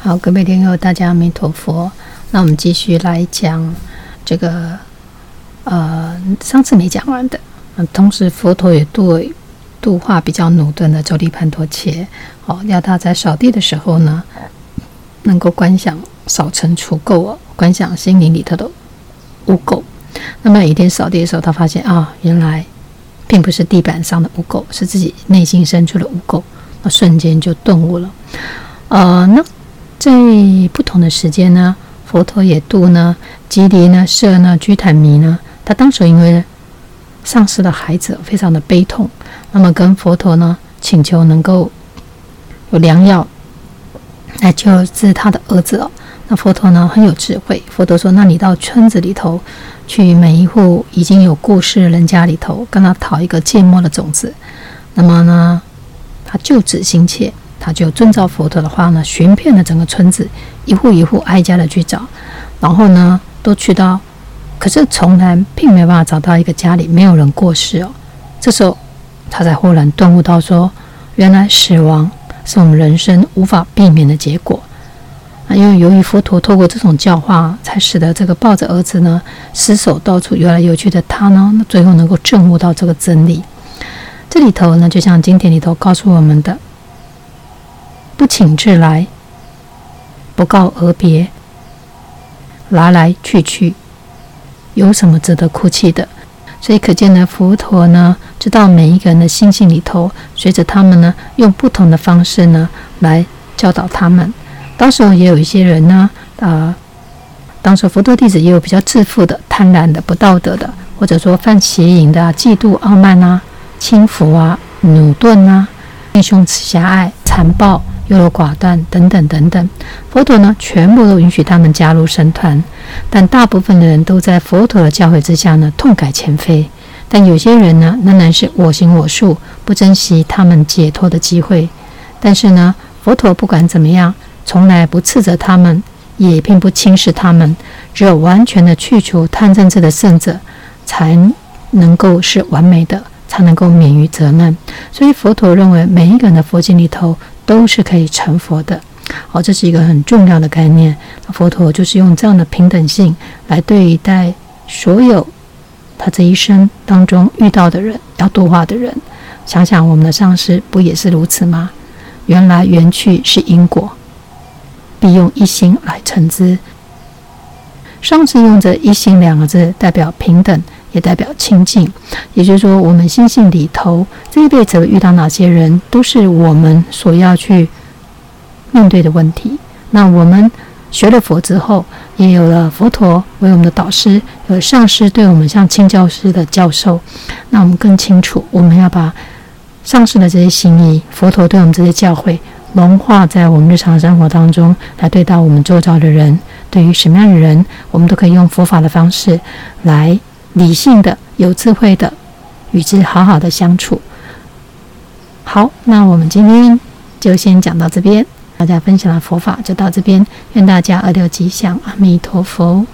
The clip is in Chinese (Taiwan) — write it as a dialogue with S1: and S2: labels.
S1: 好，各位聽友，大家阿彌陀佛。那我們繼續來講這個，呃，上次沒講完的。同時，佛陀也度度化比較駑鈍的周利槃陀伽，好、哦，要他在掃地的時候呢，能夠觀想掃塵除垢哦，觀想心靈裡頭的污垢。那麼有一天掃地的時候，他發現啊、哦，原來並不是地板上的污垢，是自己內心深處的污垢。那瞬間就頓悟了。呃，那。在不同的時間呢，佛陀也度呢，吉底呢，舍呢，居坦彌呢，他當時因為喪失了孩子，非常的悲痛，那麼跟佛陀呢請求能夠有良藥來救治他的兒子哦。那佛陀呢很有智慧，佛陀說：“那你到村子裡頭去，每一戶已經有故世人家裡頭，跟他討一個芥末的種子。那麼呢，他救子心切。”他就遵照佛陀的話呢，尋遍了整個村子，一戶一戶挨家的去找，然後呢，都去到，可是從來並沒辦法找到一個家裡沒有人過世哦。這時候，他才忽然頓悟到說，說原來死亡是我們人生無法避免的結果啊。那因為由於佛陀透過這種教化，才使得這個抱着兒子呢，屍首到處遊來游去的他呢，最後能夠證悟到這個真理。這裡頭呢，就像經典裡頭告訴我們的。不請自來，不告而別，來來去去，有什麼值得哭泣的？所以可見呢，佛陀呢，知道每一個人的心性裡頭，隨着他們呢用不同的方式呢來教導他們。到時候也有一些人呢，啊、呃，當時佛陀弟子也有比較自負的、貪婪的、不道德的，或者說犯邪淫的、嫉妒、傲慢啊、輕浮啊、扭頓啊、心胸、啊、狹隘、殘暴。優柔寡斷等等等等，佛陀呢，全部都允許他們加入僧團。但大部分的人都在佛陀的教誨之下呢，痛改前非。但有些人呢，仍然是我行我素，不珍惜他們解脫的機會。但是呢，佛陀不管怎麼樣，從來不斥責他們，也並不輕視他們。只有完全的去除貪嗔癡的聖者，才能夠是完美的，才能夠免於責難。所以佛陀認為，每一個人的佛經裡頭。都是可以成佛的，好，哦，這是一個很重要的概念。佛陀就是用這樣的平等性來對待所有他這一生當中遇到的人，要度化的人。想想我們的上師，不也是如此嗎？緣來緣去是因果，必用一心來成之。上師用這“一心”兩個字，代表平等。也代表清淨，也就是說，我們心性裡頭這一輩子遇到哪些人，都是我們所要去面對的問題。那我們學了佛之後，也有了佛陀為我們的導師，有上師對我們像親教師的教授。那我們更清楚，我們要把上師的這些心意、佛陀對我們這些教誨，融化在我們日常生活當中，來對待我們周遭的人。對於什麼樣的人，我們都可以用佛法的方式來。理性的、有智慧的，與之好好的相處。好，那我們今天就先講到這邊，大家分享的佛法就到這邊。願大家二六吉祥，阿彌陀佛。